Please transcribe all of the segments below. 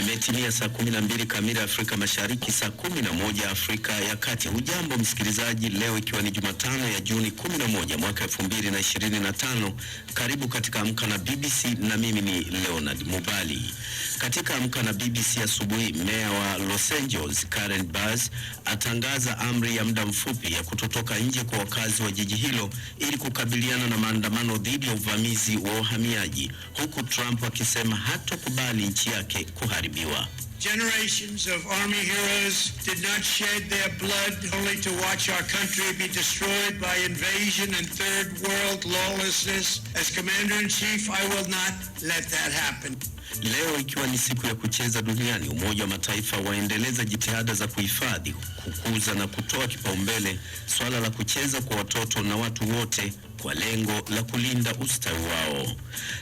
Imetimia saa kumi na mbili kamili Afrika Mashariki, saa kumi na moja Afrika ya Kati. Hujambo msikilizaji, leo ikiwa ni Jumatano ya Juni 11 mwaka tano. karibu katika Amka na BBC na mimi ni Leonard Mubali. Katika Amka na BBC Asubuhi, meya wa Los Angeles Karen Bass atangaza amri ya muda mfupi ya kutotoka nje kwa wakazi wa jiji hilo ili kukabiliana na maandamano dhidi ya uvamizi wa uhamiaji, huku Trump akisema hatokubali nchi yake kuharibiwa. Generations of Army heroes did not shed their blood only to watch our country be destroyed by invasion and third world lawlessness. As Commander-in-Chief, I will not let that happen. Leo ikiwa ni siku ya kucheza duniani, Umoja wa Mataifa waendeleza jitihada za kuhifadhi, kukuza na kutoa kipaumbele swala la kucheza kwa watoto na watu wote kwa lengo la kulinda ustawi wao.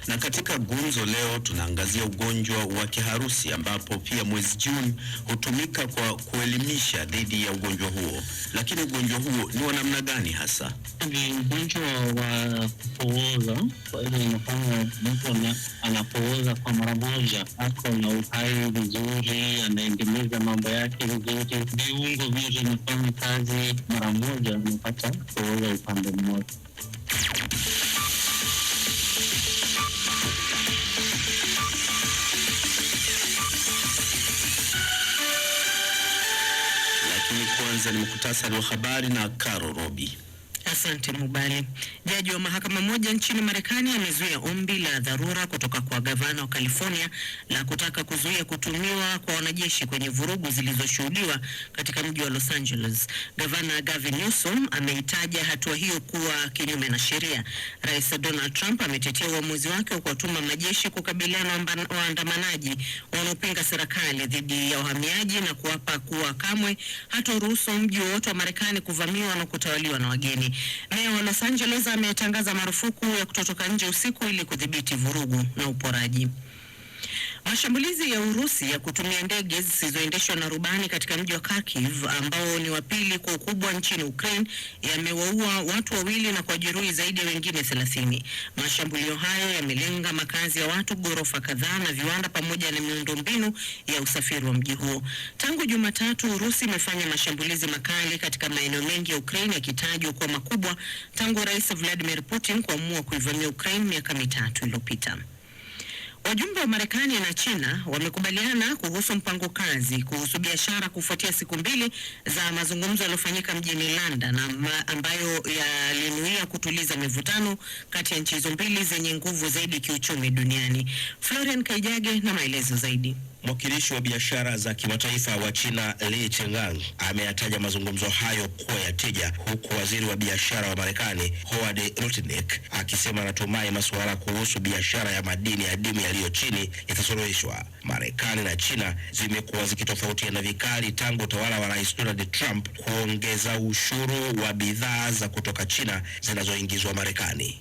Na katika gumzo leo tunaangazia ugonjwa wa kiharusi ambapo pia mwezi Juni hutumika kwa kuelimisha dhidi ya ugonjwa huo. Lakini ugonjwa huo ni wa namna gani hasa? Ni ugonjwa wa kupooza, kwa hiyo inafanya mtu anapooza kwa mara moja, ako na uhai vizuri, anaendeleza mambo yake vizuri, viungo vyote vinafanya kazi mara moja, anapata kupooza upande mmoja. Lakini kwanza ni mkutasari wa habari na Karo Robi. Asante Mubale. Jaji wa mahakama moja nchini Marekani amezuia ombi la dharura kutoka kwa gavana wa California la kutaka kuzuia kutumiwa kwa wanajeshi kwenye vurugu zilizoshuhudiwa katika mji wa Los Angeles. Gavana Gavin Newsom ameitaja hatua hiyo kuwa kinyume na sheria. Rais Donald Trump ametetea uamuzi wake wa kuwatuma majeshi kukabiliana na waandamanaji wanaopinga serikali dhidi ya uhamiaji na kuapa kuwa kamwe hataruhusu mji wowote wa Marekani kuvamiwa na kutawaliwa na wageni wa Los Angeles ametangaza marufuku ya kutotoka nje usiku ili kudhibiti vurugu na uporaji. Mashambulizi ya Urusi ya kutumia ndege zisizoendeshwa na rubani katika mji wa Kharkiv ambao ni wa pili kwa ukubwa nchini Ukraine yamewaua watu wawili na jeruhi zaidi ya wengine 30. Mashambulio hayo yamelenga makazi ya watu, ghorofa kadhaa na viwanda pamoja na miundombinu ya usafiri wa mji huo. Tangu Jumatatu, Urusi imefanya mashambulizi makali katika maeneo mengi ya Ukraine yakitajwa kuwa makubwa tangu Rais Vladimir Putin kuamua kuivamia Ukraine miaka mitatu iliyopita. Wajumbe wa Marekani na China wamekubaliana kuhusu mpango kazi kuhusu biashara kufuatia siku mbili za mazungumzo yaliyofanyika mjini London ambayo yalinuia kutuliza mivutano kati ya nchi hizo mbili zenye nguvu zaidi kiuchumi duniani. Florian Kaijage na maelezo zaidi. Mwakilishi wa biashara za kimataifa wa China Li Chengang ameyataja mazungumzo hayo kuwa ya tija, huku waziri wa biashara wa Marekani Howard rutnik akisema anatumai masuala kuhusu biashara ya madini adimu yaliyo chini yatasuluhishwa. Marekani na China zimekuwa zikitofautiana vikali tangu utawala wa Rais Donald Trump kuongeza ushuru wa bidhaa za kutoka China zinazoingizwa Marekani.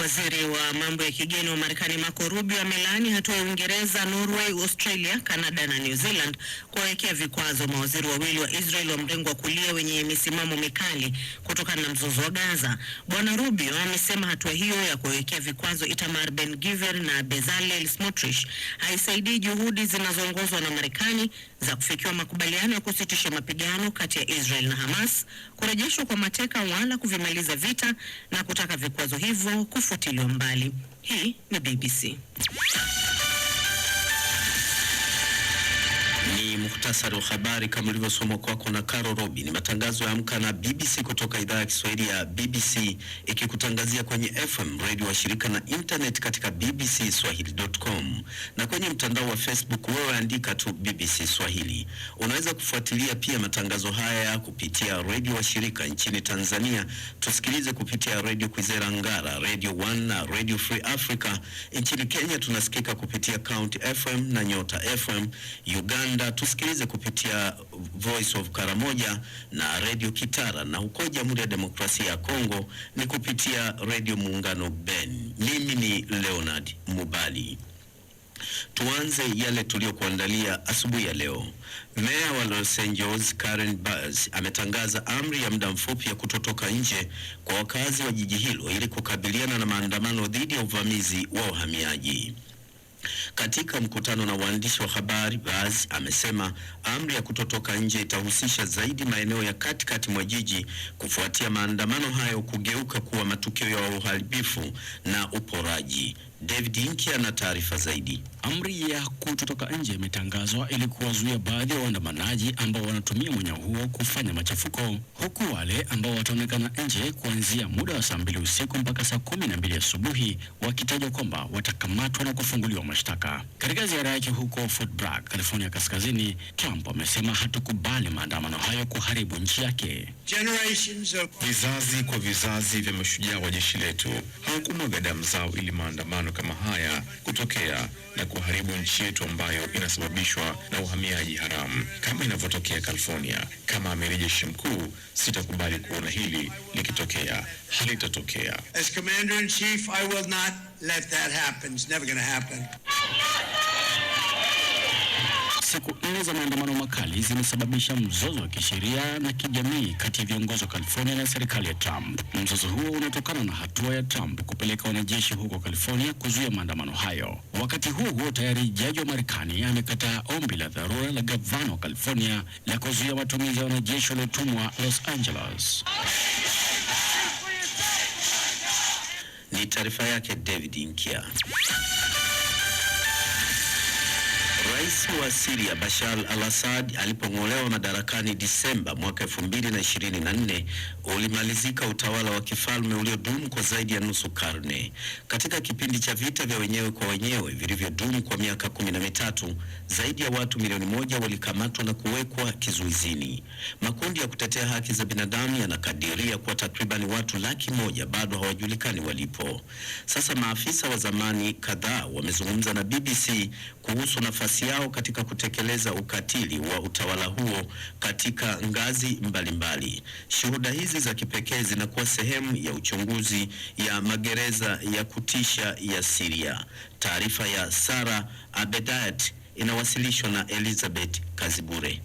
Waziri wa mambo ya kigeni wa Marekani Marco Rubio amelaani hatua ya Uingereza, Norway, Australia, Canada na New Zealand kuwawekea vikwazo mawaziri wawili wa Israel wa mrengo wa kulia wenye misimamo mikali kutokana na mzozo wa Gaza. Bwana Rubio amesema hatua hiyo ya kuwawekea vikwazo Itamar Ben Gvir na Bezalel Smotrich haisaidii juhudi zinazoongozwa na Marekani za kufikiwa makubaliano ya kusitisha mapigano kati ya Israel na Hamas, kurejeshwa kwa mateka wala kuvimaliza vita na kutaka vikwazo hivyo kufutiliwa mbali. Hii ni BBC muhtasari wa habari kama ulivyosomwa kwako na Caro Robi. Ni matangazo ya Amka na BBC kutoka idhaa ya Kiswahili ya BBC ikikutangazia kwenye FM radio wa shirika na internet katika BBC Swahili.com na kwenye mtandao wa Facebook, wewe andika tu BBC Swahili. Unaweza kufuatilia pia matangazo haya kupitia redio wa shirika nchini Tanzania. Tusikilize kupitia redio Kwizera Ngara, Radio One na Radio Free Africa. Nchini Kenya tunasikika kupitia County FM na Nyota FM. Uganda tusikilize wanatusikiliza kupitia Voice of Karamoja na Radio Kitara, na huko Jamhuri ya Demokrasia ya Kongo ni kupitia Radio Muungano Ben. Mimi ni Leonard Mubali. Tuanze yale tuliyokuandalia asubuhi ya leo. Meya wa Los Angeles Karen Bass ametangaza amri ya muda mfupi ya kutotoka nje kwa wakazi wa jiji hilo ili kukabiliana na maandamano dhidi ya uvamizi wa wahamiaji. Katika mkutano na waandishi wa habari, Baz amesema amri ya kutotoka nje itahusisha zaidi maeneo ya katikati mwa jiji kufuatia maandamano hayo kugeuka kuwa matukio ya uharibifu na uporaji. David Inki ana taarifa zaidi. Amri ya kutotoka nje imetangazwa ili kuwazuia baadhi ya waandamanaji ambao wanatumia mwanya huo kufanya machafuko, huku wale ambao wataonekana nje kuanzia muda wa saa mbili usiku mpaka saa kumi na mbili asubuhi wakitajwa kwamba watakamatwa na kufunguliwa mashtaka. Katika ziara yake huko Fort Bragg, California Kaskazini, Trump amesema hatukubali maandamano hayo kuharibu nchi yake. Vizazi kwa vizazi vya mashujaa wa jeshi letu hawakumwaga damu zao ili maandamano mapigano kama haya kutokea na kuharibu nchi yetu ambayo inasababishwa na uhamiaji haramu kama inavyotokea California. Kama amiri jeshi mkuu, sitakubali kuona hili likitokea, halitatokea. As commander in chief, I will not let that happen. It's never happen. Kelele za maandamano makali zimesababisha mzozo wa kisheria na kijamii kati ya viongozi wa California na serikali ya Trump. Mzozo huo unatokana na hatua ya Trump kupeleka wanajeshi huko California kuzuia maandamano hayo. Wakati huo huo, tayari jaji wa Marekani amekataa ombi la dharura la gavana wa California la kuzuia matumizi ya wanajeshi waliotumwa Los Angeles. Ni taarifa yake David Inkia. Rais wa Siria Bashar al-Assad alipong'olewa madarakani Disemba mwaka 2024 ulimalizika utawala wa kifalme uliodumu kwa zaidi ya nusu karne. Katika kipindi cha vita vya wenyewe kwa wenyewe vilivyodumu kwa miaka kumi na mitatu, zaidi ya watu milioni moja walikamatwa na kuwekwa kizuizini. Makundi ya kutetea haki za binadamu yanakadiria kuwa takribani watu laki moja bado hawajulikani walipo. Sasa maafisa wa zamani kadhaa wamezungumza na BBC kuhusu nafasi nafasi yao katika kutekeleza ukatili wa utawala huo katika ngazi mbalimbali mbali. Shuhuda hizi za kipekee zinakuwa sehemu ya uchunguzi ya magereza ya kutisha ya Syria. Taarifa ya Sara Abedayat inawasilishwa na Elizabeth Kazibure.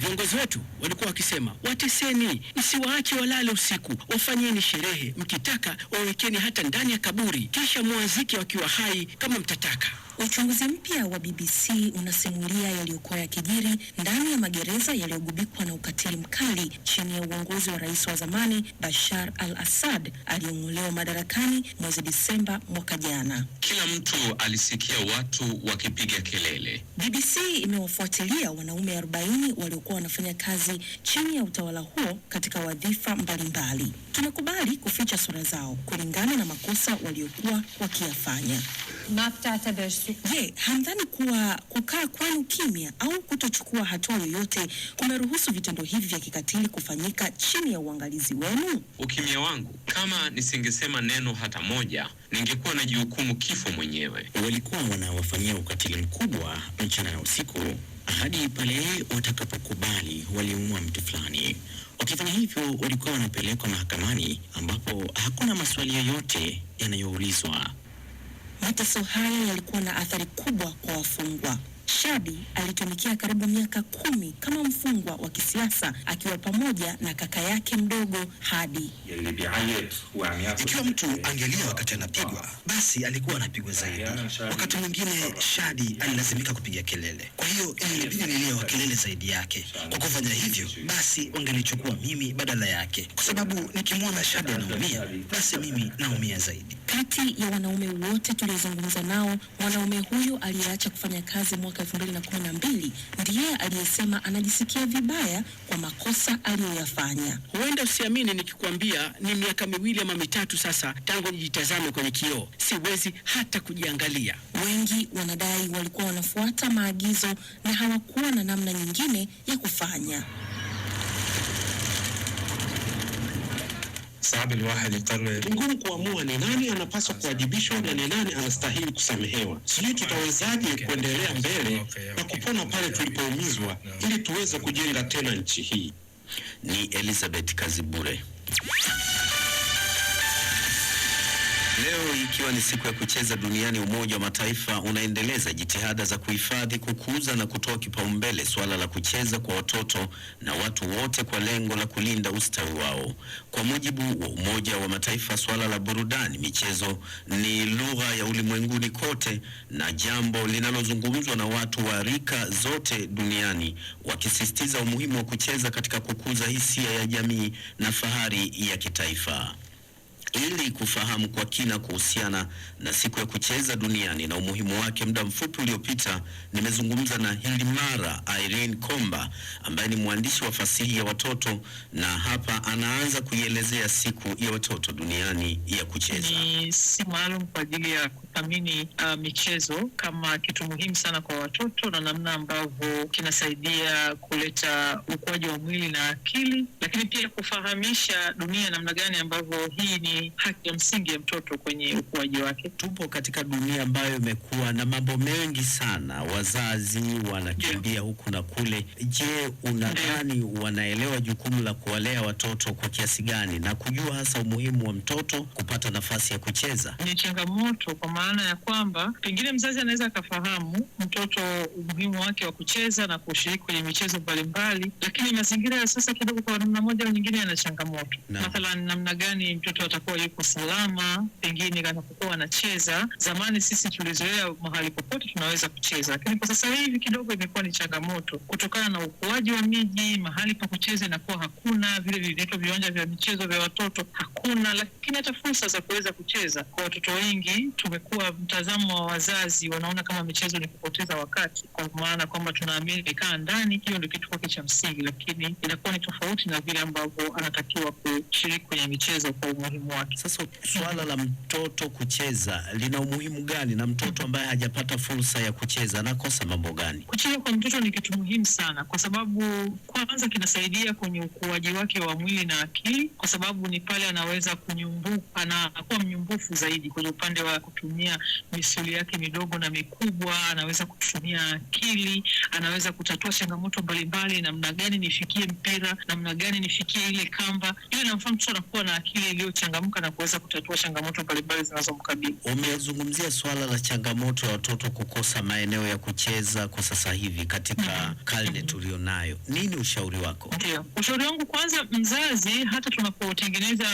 Viongozi wetu walikuwa wakisema wateseni, msiwaache walale usiku, wafanyeni sherehe, mkitaka wawekeni hata ndani ya kaburi, kisha mwazike wakiwa hai kama mtataka. Uchunguzi mpya wa BBC unasimulia yaliyokuwa yakijiri ndani ya magereza yaliyogubikwa na ukatili mkali chini ya uongozi wa rais wa zamani Bashar al-Assad aliyeng'olewa madarakani mwezi Disemba mwaka jana. Kila mtu alisikia watu wakipiga kelele. BBC imewafuatilia wanaume 40 waliokuwa wanafanya kazi chini ya utawala huo katika wadhifa mbalimbali. tunakubali kuficha sura zao kulingana na makosa waliokuwa wakiyafanya. Je, hamdhani kuwa kukaa kwenu kimya au kutochukua hatua yoyote kumeruhusu vitendo hivi vya kikatili kufanyika chini ya uangalizi wenu? Ukimya wangu, kama nisingesema neno hata moja, ningekuwa najihukumu kifo mwenyewe. Walikuwa wanawafanyia ukatili mkubwa mchana na usiku hadi pale watakapokubali waliumwa mtu fulani. Wakifanya hivyo, walikuwa wanapelekwa mahakamani ambapo hakuna maswali yoyote yanayoulizwa. Mateso haya yalikuwa na athari kubwa kwa wafungwa. Shadi alitumikia karibu miaka kumi kama mfungwa wa kisiasa akiwa pamoja na kaka yake mdogo Hadi. Ikiwa mtu angelia wakati anapigwa, basi alikuwa anapigwa zaidi. Wakati mwingine Shadi alilazimika kupiga kelele, kwa hiyo ilibidi nilie wa kelele zaidi yake. Kwa kufanya hivyo, basi wangenichukua mimi badala yake, kwa sababu nikimwona Shadi anaumia, basi mimi naumia zaidi. Kati ya wanaume wote tuliozungumza nao, mwanaume huyu aliyeacha kufanya kazi mwaka mwaka 2012 ndiye aliyesema anajisikia vibaya kwa makosa aliyoyafanya. Huenda usiamini nikikwambia, ni miaka miwili ama mitatu sasa tangu nijitazame kwenye kioo, siwezi hata kujiangalia. Wengi wanadai walikuwa wanafuata maagizo na hawakuwa na namna nyingine ya kufanya. sababu liwaha liqarna, ni ngumu kuamua ni nani anapaswa kuwajibishwa na ni nani anastahili kusamehewa. Sijui tutawezaje kuendelea mbele na kupona pale tulipoumizwa, ili tuweze kujenga tena nchi hii. Ni Elizabeth Kazibure. Leo ikiwa ni siku ya kucheza duniani, Umoja wa Mataifa unaendeleza jitihada za kuhifadhi, kukuza na kutoa kipaumbele suala la kucheza kwa watoto na watu wote kwa lengo la kulinda ustawi wao. Kwa mujibu wa Umoja wa Mataifa, suala la burudani, michezo ni lugha ya ulimwenguni kote na jambo linalozungumzwa na watu wa rika zote duniani, wakisisitiza umuhimu wa kucheza katika kukuza hisia ya jamii na fahari ya kitaifa ili kufahamu kwa kina kuhusiana na siku ya kucheza duniani na umuhimu wake. Muda mfupi uliopita nimezungumza na Hilimara Irene Komba ambaye ni mwandishi wa fasihi ya watoto, na hapa anaanza kuielezea siku ya watoto duniani ya kucheza. Ni maalum kwa ajili ya kuthamini uh, michezo kama kitu muhimu sana kwa watoto na namna ambavyo kinasaidia kuleta ukuaji wa mwili na akili, lakini pia kufahamisha dunia namna gani ambavyo hii ni haki ya msingi ya mtoto kwenye ukuaji wake. Tupo katika dunia ambayo imekuwa na mambo mengi sana, wazazi wanakimbia yeah, huku na kule. Je, unadhani yeah, wanaelewa jukumu la kuwalea watoto kwa kiasi gani na kujua hasa umuhimu wa mtoto kupata nafasi ya kucheza? Ni changamoto kwa maana ya kwamba pengine mzazi anaweza akafahamu mtoto umuhimu wake wa kucheza na kushiriki kwenye michezo mbalimbali, lakini mazingira ya sasa kidogo, kwa namna moja au nyingine, yana changamoto no. Mathalan, namna gani mtoto atakuwa anakuwa yuko salama, pengine anapokuwa anacheza. Zamani sisi tulizoea mahali popote tunaweza kucheza, lakini kwa sasa hivi kidogo imekuwa ni changamoto kutokana na ukuaji wa miji. Mahali pa kucheza inakuwa hakuna, vile vinaitwa viwanja vya michezo vya watoto hakuna, lakini hata fursa za kuweza kucheza kwa watoto wengi, tumekuwa mtazamo wa wazazi wanaona kama michezo ni kupoteza wakati, kwa maana kwamba tunaamini ikaa ndani, hiyo ndio kitu kwake cha msingi, lakini inakuwa ni tofauti na vile ambavyo anatakiwa kushiriki kwenye michezo kwa umuhimu sawa. Sasa swala la mtoto kucheza lina umuhimu gani, na mtoto ambaye hajapata fursa ya kucheza anakosa mambo gani? Kucheza kwa mtoto ni kitu muhimu sana, kwa sababu kwanza kinasaidia kwenye ukuaji wake wa mwili na akili, kwa sababu ni pale anaweza kunyumbuka, kuwa mnyumbufu zaidi kwenye upande wa kutumia misuli yake midogo na mikubwa, anaweza kutumia akili, anaweza kutatua changamoto mbalimbali, namna gani nifikie mpira, namna gani nifikie ile kamba. Hiyo inamfanya mtoto anakuwa na akili iliyochangamka kuamka na kuweza kutatua changamoto mbalimbali zinazomkabili. Umezungumzia swala la changamoto ya watoto kukosa maeneo ya kucheza kwa sasa hivi katika mm -hmm. karne tulionayo, nini ushauri wako? Ndio, ushauri wangu kwanza, mzazi, hata tunapotengeneza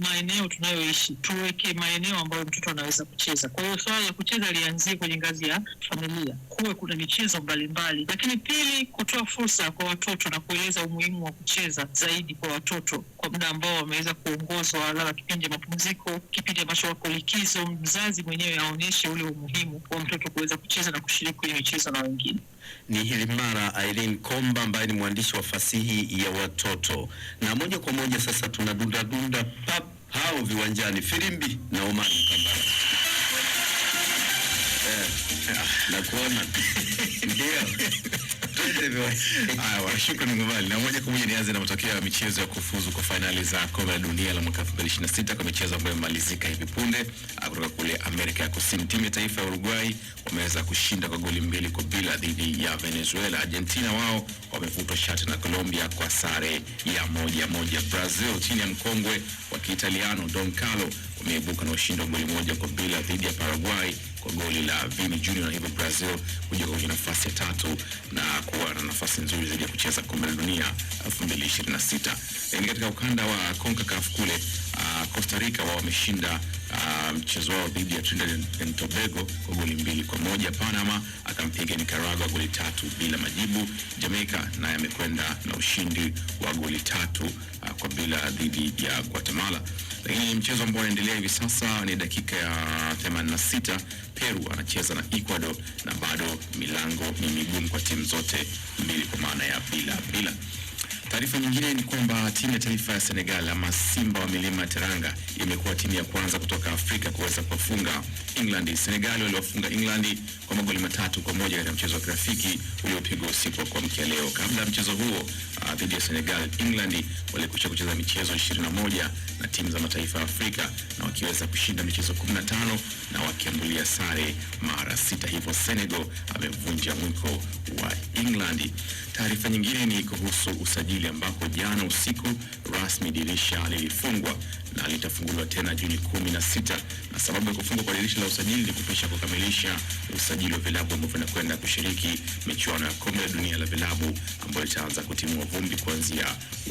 maeneo tunayoishi tuweke maeneo ambayo mtoto anaweza kucheza. Kwa hiyo swala la kucheza lianzie kwenye ngazi ya familia, kuwe kuna michezo mbalimbali. Lakini pili, kutoa fursa kwa watoto na kueleza umuhimu wa kucheza zaidi kwa watoto kwa muda ambao wameweza kuongozwa labda kipindi cha mapumziko, kipindi ambacho wako likizo, mzazi mwenyewe aonyeshe ule umuhimu wa mtoto kuweza kucheza na kushiriki kwenye michezo na wengine. Ni Hilimara Irene Komba ambaye ni mwandishi wa fasihi ya watoto, na moja kwa moja sasa tunadundadunda pap hao viwanjani, Filimbi na Omani Kambara. Eh, eh, nakuona ndio Haya, shukrani Muvali. Na moja kwa moja nianze na matokeo ya michezo ya kufuzu kwa fainali za kombe la dunia la mwaka 2026 kwa michezo ambayo imemalizika hivi punde ah, kutoka kule Amerika ya Kusini. Timu ya taifa ya Uruguay wameweza kushinda kwa goli mbili kwa bila dhidi ya Venezuela. Argentina wao wamevutwa shati na Colombia kwa sare ya moja moja. Brazil chini ya mkongwe wa Kiitaliano Don Carlo wameibuka na ushindi wa goli moja kwa bila dhidi ya Paraguay kwa goli la Vini Junior, na hivyo Brazil kuja kwenye nafasi ya tatu na kuwa na nafasi nzuri zaidi ya kucheza kombe la dunia 2026. Lakini katika ukanda wa CONCACAF kule uh, Costa Rica wao wameshinda uh, mchezo wao dhidi ya Trinidad and Tobago kwa goli mbili kwa moja. Panama akampiga Nicaragua goli tatu bila majibu. Jamaica naye amekwenda na ushindi wa goli tatu uh, kwa bila dhidi ya Guatemala. Lakini mchezo ambao unaendelea hivi sasa ni dakika ya 86, Peru anacheza na Ecuador na bado milango ni migumu kwa timu zote mbili, kwa maana ya bila bila Taarifa nyingine ni kwamba timu ya taifa ya Senegal ama Simba wa milima Teranga imekuwa timu ya kwanza kutoka Afrika kuweza kuwafunga England. Senegal waliwafunga England kwa magoli matatu kwa moja katika mchezo wa kirafiki uliopigwa usiku wa kuamkia leo. Kabla ya mchezo huo ah, dhidi ya Senegal, England walikwisha kucheza michezo 21 na timu za mataifa ya Afrika na wakiweza kushinda michezo 15 na wakiambulia sare mara sita, hivyo Senegal amevunja mwiko wa England. Taarifa nyingine ni kuhusu usajili Jumapili ambapo jana usiku rasmi dirisha lilifungwa na litafunguliwa tena Juni 16. na na sababu ya kufungwa kwa dirisha la usajili ni kupisha kukamilisha usajili wa vilabu ambavyo vinakwenda kushiriki michuano ya kombe la dunia la vilabu ambayo itaanza kutimua vumbi kuanzia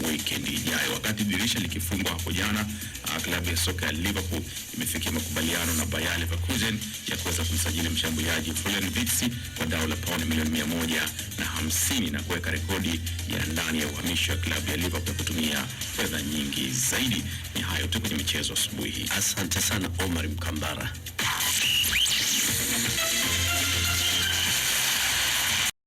weekend ijayo. Wakati dirisha likifungwa hapo jana, ah, klabu ya soka ya Liverpool imefikia makubaliano na Bayer Leverkusen ya kuweza kumsajili mshambuliaji Florian Wirtz kwa dau la pauni milioni 150 na kuweka rekodi ya ndani ya uhamisho mwisho ya klabu ya Liverpool kutumia fedha nyingi zaidi. Ni hayo tu kwenye michezo asubuhi hii. Asante sana Omar Mkambara.